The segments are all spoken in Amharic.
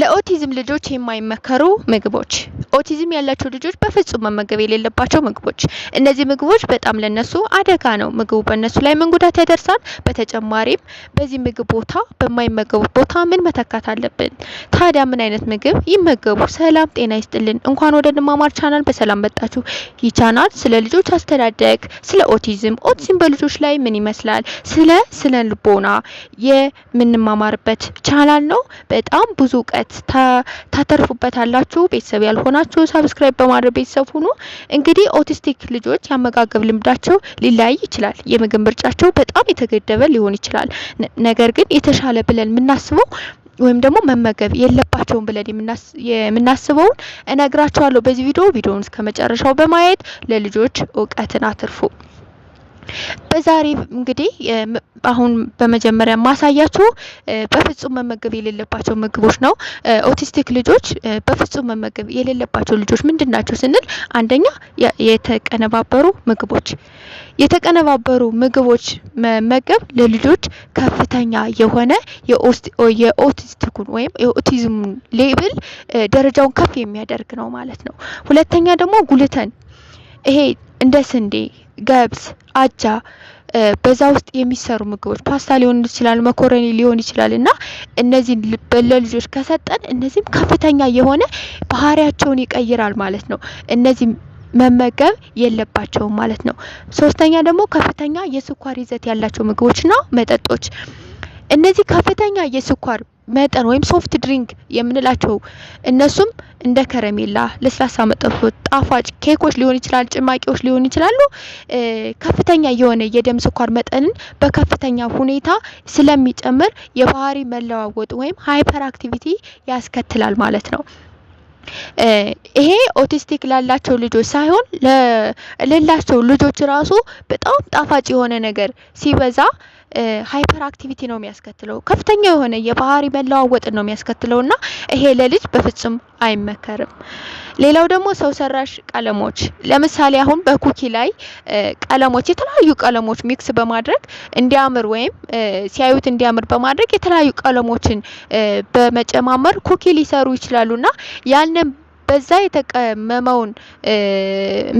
ለኦቲዝም ልጆች የማይመከሩ ምግቦች፣ ኦቲዝም ያላቸው ልጆች በፍጹም መመገብ የሌለባቸው ምግቦች። እነዚህ ምግቦች በጣም ለነሱ አደጋ ነው። ምግቡ በእነሱ ላይ ምን ጉዳት ያደርሳል? በተጨማሪም በዚህ ምግብ ቦታ በማይመገቡት ቦታ ምን መተካት አለብን? ታዲያ ምን አይነት ምግብ ይመገቡ? ሰላም ጤና ይስጥልን። እንኳን ወደ ድማማር ቻናል በሰላም መጣችሁ። ይህ ቻናል ስለ ልጆች አስተዳደግ፣ ስለ ኦቲዝም፣ ኦቲዝም በልጆች ላይ ምን ይመስላል፣ ስለ ስነ ልቦና የምንማማርበት ቻናል ነው። በጣም ብዙ እውቀት እውቀት ታተርፉበታላችሁ። ቤተሰብ ያልሆናችሁ ሰብስክራይብ በማድረግ ቤተሰብ ሁኑ። እንግዲህ ኦቲስቲክ ልጆች የአመጋገብ ልምዳቸው ሊለያይ ይችላል። የምግብ ምርጫቸው በጣም የተገደበ ሊሆን ይችላል። ነገር ግን የተሻለ ብለን የምናስበው ወይም ደግሞ መመገብ የለባቸውን ብለን የምናስበውን እነግራቸዋለሁ በዚህ ቪዲዮ። ቪዲዮውን እስከ መጨረሻው በማየት ለልጆች እውቀትን አትርፉ። በዛሬ እንግዲህ አሁን በመጀመሪያ ማሳያችሁ በፍጹም መመገብ የሌለባቸው ምግቦች ነው። ኦቲስቲክ ልጆች በፍጹም መመገብ የሌለባቸው ልጆች ምንድን ናቸው ስንል አንደኛ የተቀነባበሩ ምግቦች። የተቀነባበሩ ምግቦች መመገብ ለልጆች ከፍተኛ የሆነ የኦቲስቲኩን ወይም የኦቲዝም ሌብል ደረጃውን ከፍ የሚያደርግ ነው ማለት ነው። ሁለተኛ ደግሞ ጉልተን ይሄ እንደ ስንዴ ገብስ፣ አጃ በዛ ውስጥ የሚሰሩ ምግቦች ፓስታ ሊሆን ይችላል፣ መኮረኒ ሊሆን ይችላል እና እነዚህን ለልጆች ከሰጠን እነዚህም ከፍተኛ የሆነ ባህሪያቸውን ይቀይራል ማለት ነው። እነዚህ መመገብ የለባቸውም ማለት ነው። ሶስተኛ ደግሞ ከፍተኛ የስኳር ይዘት ያላቸው ምግቦችና መጠጦች እነዚህ ከፍተኛ የስኳር መጠን ወይም ሶፍት ድሪንክ የምንላቸው እነሱም እንደ ከረሜላ፣ ለስላሳ መጠጦች፣ ጣፋጭ ኬኮች ሊሆን ይችላል፣ ጭማቂዎች ሊሆን ይችላሉ። ከፍተኛ የሆነ የደም ስኳር መጠንን በከፍተኛ ሁኔታ ስለሚጨምር የባህሪ መለዋወጥ ወይም ሃይፐር አክቲቪቲ ያስከትላል ማለት ነው። ይሄ ኦቲስቲክ ላላቸው ልጆች ሳይሆን ለሌላቸው ልጆች ራሱ በጣም ጣፋጭ የሆነ ነገር ሲበዛ ሃይፐር አክቲቪቲ ነው የሚያስከትለው። ከፍተኛ የሆነ የባህሪ መለዋወጥን ነው የሚያስከትለው እና ይሄ ለልጅ በፍጹም አይመከርም። ሌላው ደግሞ ሰው ሰራሽ ቀለሞች፣ ለምሳሌ አሁን በኩኪ ላይ ቀለሞች የተለያዩ ቀለሞች ሚክስ በማድረግ እንዲያምር ወይም ሲያዩት እንዲያምር በማድረግ የተለያዩ ቀለሞችን በመጨማመር ኩኪ ሊሰሩ እና ያንን በዛ የተቀመመውን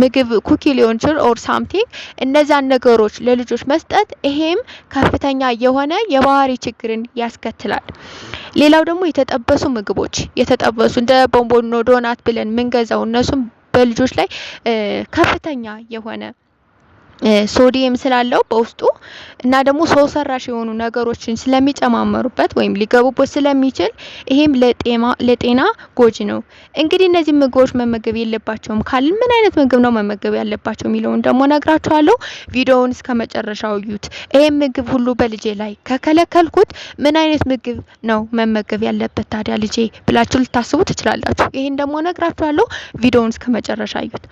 ምግብ ኩኪ ሊሆን ይችላል ኦር ሳምቲንግ እነዛን ነገሮች ለልጆች መስጠት ይሄም ከፍተኛ የሆነ የባህሪ ችግርን ያስከትላል። ሌላው ደግሞ የተጠበሱ ምግቦች የተጠበሱ እንደ ቦምቦኖ ዶናት ብለን የምንገዛው እነሱም በልጆች ላይ ከፍተኛ የሆነ ሶዲየም ስላለው በውስጡ እና ደግሞ ሰው ሰራሽ የሆኑ ነገሮችን ስለሚጨማመሩበት ወይም ሊገቡበት ስለሚችል ይሄም ለጤና ጎጂ ነው። እንግዲህ እነዚህ ምግቦች መመገብ የለባቸውም ካልን ምን አይነት ምግብ ነው መመገብ ያለባቸው የሚለውን ደግሞ ነግራችኋለሁ። ቪዲዮውን እስከ መጨረሻው እዩት። ይሄም ምግብ ሁሉ በልጄ ላይ ከከለከልኩት ምን አይነት ምግብ ነው መመገብ ያለበት ታዲያ ልጄ ብላችሁ ልታስቡ ትችላላችሁ። ይሄን ደግሞ ነግራችኋለሁ። ቪዲዮውን እስከ መጨረሻ እዩት።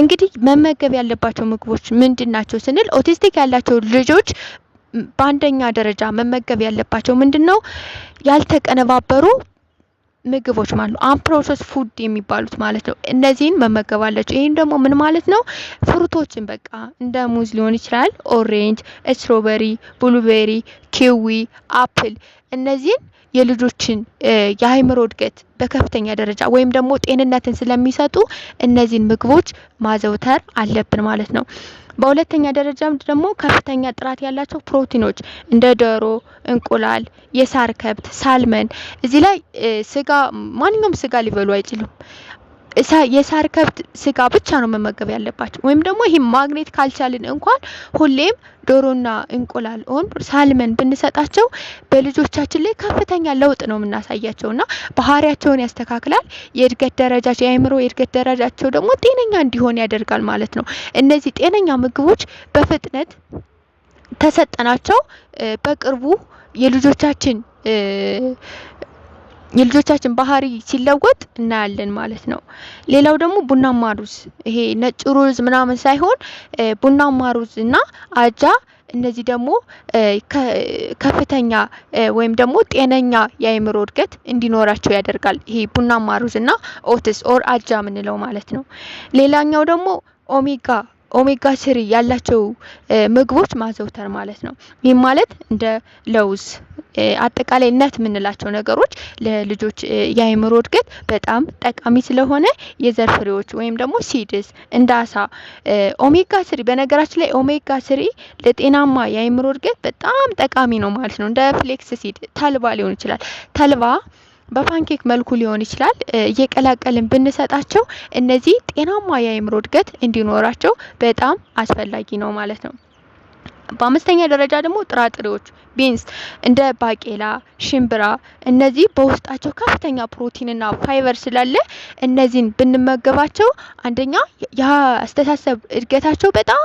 እንግዲህ መመገብ ያለባቸው ምግቦች ምንድን ናቸው ስንል ኦቲስቲክ ያላቸው ልጆች በአንደኛ ደረጃ መመገብ ያለባቸው ምንድን ነው? ያልተቀነባበሩ ምግቦች ማለት ነው። አንፕሮሰስ ፉድ የሚባሉት ማለት ነው። እነዚህን አለችው። ይህም ደግሞ ምን ማለት ነው? ፍሩቶችን በቃ እንደ ሙዝ ሊሆን ይችላል፣ ኦሬንጅ፣ ስትሮበሪ፣ ብሉቤሪ፣ ኪዊ፣ አፕል እነዚህን የልጆችን የአይምሮ እድገት በከፍተኛ ደረጃ ወይም ደግሞ ጤንነትን ስለሚሰጡ እነዚህን ምግቦች ማዘውተር አለብን ማለት ነው። በሁለተኛ ደረጃም ደግሞ ከፍተኛ ጥራት ያላቸው ፕሮቲኖች እንደ ዶሮ፣ እንቁላል፣ የሳር ከብት፣ ሳልመን እዚህ ላይ ስጋ ማንኛውም ስጋ ሊበሉ አይችሉም። የሳር ከብት ስጋ ብቻ ነው መመገብ ያለባቸው። ወይም ደግሞ ይህ ማግኔት ካልቻልን እንኳን ሁሌም ዶሮና እንቁላል ኦን ሳልመን ብንሰጣቸው በልጆቻችን ላይ ከፍተኛ ለውጥ ነው የምናሳያቸው እና ባህሪያቸውን ያስተካክላል። የእድገት ደረጃ የአእምሮ የእድገት ደረጃቸው ደግሞ ጤነኛ እንዲሆን ያደርጋል ማለት ነው። እነዚህ ጤነኛ ምግቦች በፍጥነት ተሰጠናቸው በቅርቡ የልጆቻችን የልጆቻችን ባህሪ ሲለወጥ እናያለን ማለት ነው። ሌላው ደግሞ ቡናማ ሩዝ ይሄ ነጭ ሩዝ ምናምን ሳይሆን ቡናማ ሩዝ እና አጃ እነዚህ ደግሞ ከፍተኛ ወይም ደግሞ ጤነኛ የአእምሮ እድገት እንዲኖራቸው ያደርጋል። ይሄ ቡናማ ሩዝ እና ኦትስ ኦር አጃ ምንለው ማለት ነው። ሌላኛው ደግሞ ኦሜጋ ኦሜጋ ስሪ ያላቸው ምግቦች ማዘውተር ማለት ነው። ይህም ማለት እንደ ለውዝ አጠቃላይ ነት የምንላቸው ነገሮች ለልጆች የአእምሮ እድገት በጣም ጠቃሚ ስለሆነ የዘር ፍሬዎች ወይም ደግሞ ሲድስ እንደ አሳ፣ ኦሜጋ ስሪ በነገራችን ላይ ኦሜጋ ስሪ ለጤናማ የአእምሮ እድገት በጣም ጠቃሚ ነው ማለት ነው። እንደ ፍሌክስ ሲድ ተልባ ሊሆን ይችላል ተልባ በፓንኬክ መልኩ ሊሆን ይችላል እየቀላቀልን ብንሰጣቸው እነዚህ ጤናማ የአእምሮ እድገት እንዲኖራቸው በጣም አስፈላጊ ነው ማለት ነው። በአምስተኛ ደረጃ ደግሞ ጥራጥሬዎች ቢንስ፣ እንደ ባቄላ፣ ሽምብራ እነዚህ በውስጣቸው ከፍተኛ ፕሮቲንና ፋይበር ስላለ እነዚህን ብንመገባቸው አንደኛ የአስተሳሰብ እድገታቸው በጣም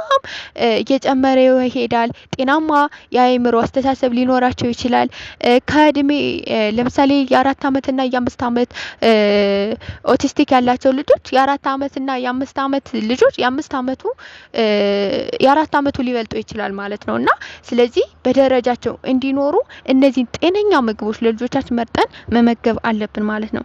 እየጨመረ ይሄዳል። ጤናማ የአእምሮ አስተሳሰብ ሊኖራቸው ይችላል። ከእድሜ ለምሳሌ የአራት አመትና የአምስት አመት ኦቲስቲክ ያላቸው ልጆች የአራት አመትና የአምስት አመት ልጆች የአምስት አመቱ የአራት አመቱ ሊበልጡ ይችላል ማለት ነው እና ስለዚህ በደረጃቸው እንዲኖሩ እነዚህን ጤነኛ ምግቦች ለልጆቻችን መርጠን መመገብ አለብን ማለት ነው።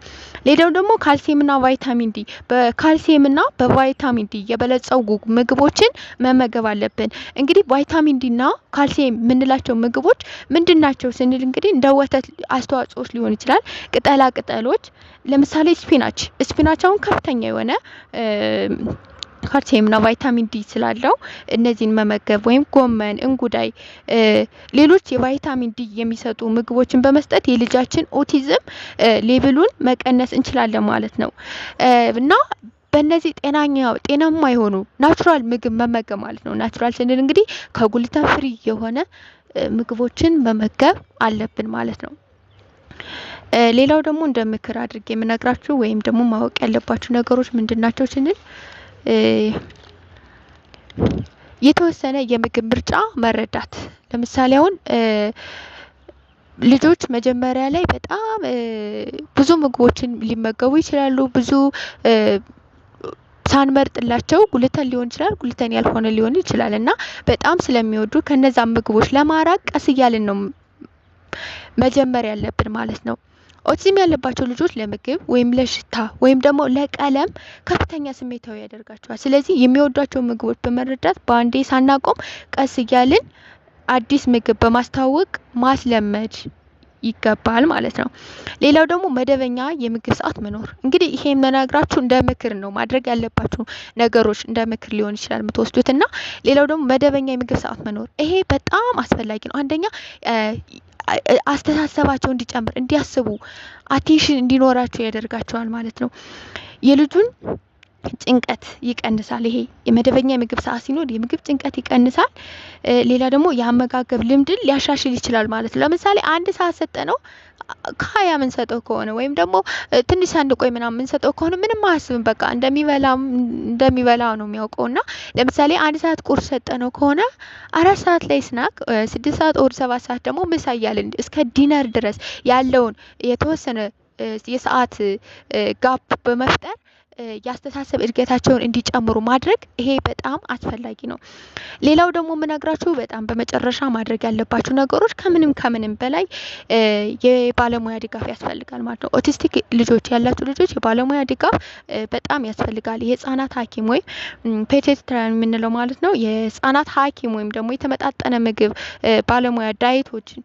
ሌላው ደግሞ ካልሲየምና ቫይታሚን ዲ በካልሲየምና በቫይታሚን ዲ የበለጸጉ ምግቦችን መመገብ አለብን። እንግዲህ ቫይታሚን ዲና ካልሲየም የምንላቸው ምግቦች ምንድን ናቸው ስንል እንግዲህ እንደ ወተት አስተዋጽኦች ሊሆን ይችላል። ቅጠላ ቅጠሎች፣ ለምሳሌ ስፒናች ስፒናች አሁን ከፍተኛ የሆነ ካልሲየም ና ቫይታሚን ዲ ስላለው እነዚህን መመገብ ወይም ጎመን፣ እንጉዳይ፣ ሌሎች የቫይታሚን ዲ የሚሰጡ ምግቦችን በመስጠት የልጃችን ኦቲዝም ሌብሉን መቀነስ እንችላለን ማለት ነው እና በእነዚህ ጤናኛ ጤናማ የሆኑ ናቹራል ምግብ መመገብ ማለት ነው። ናቹራል ስንል እንግዲህ ከጉልተን ፍሪ የሆነ ምግቦችን መመገብ አለብን ማለት ነው። ሌላው ደግሞ እንደ ምክር አድርጌ የምነግራችሁ ወይም ደግሞ ማወቅ ያለባችሁ ነገሮች ምንድን ናቸው ስንል የተወሰነ የምግብ ምርጫ መረዳት ለምሳሌ አሁን ልጆች መጀመሪያ ላይ በጣም ብዙ ምግቦችን ሊመገቡ ይችላሉ። ብዙ ሳንመርጥላቸው ጉልተን ሊሆን ይችላል ጉልተን ያልሆነ ሊሆን ይችላል እና በጣም ስለሚወዱ ከነዛ ምግቦች ለማራቅ ቀስ እያልን ነው መጀመር ያለብን ማለት ነው። ኦቲዝም ያለባቸው ልጆች ለምግብ ወይም ለሽታ ወይም ደግሞ ለቀለም ከፍተኛ ስሜታዊ ያደርጋቸዋል። ስለዚህ የሚወዷቸው ምግቦች በመረዳት በአንዴ ሳናቆም ቀስ እያልን አዲስ ምግብ በማስተዋወቅ ማስለመድ ይገባል ማለት ነው። ሌላው ደግሞ መደበኛ የምግብ ሰዓት መኖር። እንግዲህ ይሄ የምነግራችሁ እንደ ምክር ነው። ማድረግ ያለባችሁ ነገሮች እንደ ምክር ሊሆን ይችላል የምትወስዱት እና ሌላው ደግሞ መደበኛ የምግብ ሰዓት መኖር፣ ይሄ በጣም አስፈላጊ ነው። አንደኛ አስተሳሰባቸው እንዲጨምር እንዲያስቡ አቴንሽን እንዲኖራቸው ያደርጋቸዋል ማለት ነው የልጁን ጭንቀት ይቀንሳል። ይሄ የመደበኛ የምግብ ሰዓት ሲኖር የምግብ ጭንቀት ይቀንሳል። ሌላ ደግሞ የአመጋገብ ልምድን ሊያሻሽል ይችላል ማለት ነው። ለምሳሌ አንድ ሰዓት ሰጠ ነው ከሀያ ምንሰጠው ከሆነ ወይም ደግሞ ትንሽ ሳንቆይ ምናምን ምንሰጠው ከሆነ ምንም አያስብም። በቃ እንደሚበላ ነው የሚያውቀው እና ለምሳሌ አንድ ሰዓት ቁርስ ሰጠ ነው ከሆነ አራት ሰዓት ላይ ስናክ፣ ስድስት ሰዓት ኦር ሰባት ሰዓት ደግሞ ምሳ እያልን እስከ ዲነር ድረስ ያለውን የተወሰነ የሰዓት ጋፕ በመፍጠር የአስተሳሰብ እድገታቸውን እንዲጨምሩ ማድረግ ይሄ በጣም አስፈላጊ ነው። ሌላው ደግሞ የምነግራችሁ በጣም በመጨረሻ ማድረግ ያለባችሁ ነገሮች ከምንም ከምንም በላይ የባለሙያ ድጋፍ ያስፈልጋል ማለት ነው። ኦቲስቲክ ልጆች ያላችሁ ልጆች የባለሙያ ድጋፍ በጣም ያስፈልጋል። የህጻናት ሐኪም ወይም ፔዲያትሪያን የምንለው ማለት ነው። የህጻናት ሐኪም ወይም ደግሞ የተመጣጠነ ምግብ ባለሙያ ዳይቶችን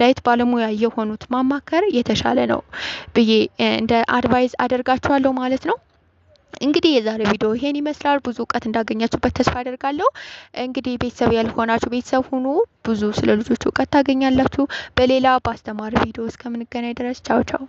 ዳይት ባለሙያ የሆኑት ማማከር የተሻለ ነው ብዬ እንደ አድቫይዝ አደርጋችኋለሁ ማለት ነው። እንግዲህ የዛሬ ቪዲዮ ይሄን ይመስላል። ብዙ እውቀት እንዳገኛችሁበት ተስፋ አደርጋለሁ። እንግዲህ ቤተሰብ ያልሆናችሁ ቤተሰብ ሁኑ፣ ብዙ ስለ ልጆች እውቀት ታገኛላችሁ። በሌላ በአስተማሪ ቪዲዮ እስከምንገናኝ ድረስ ቻው ቻው።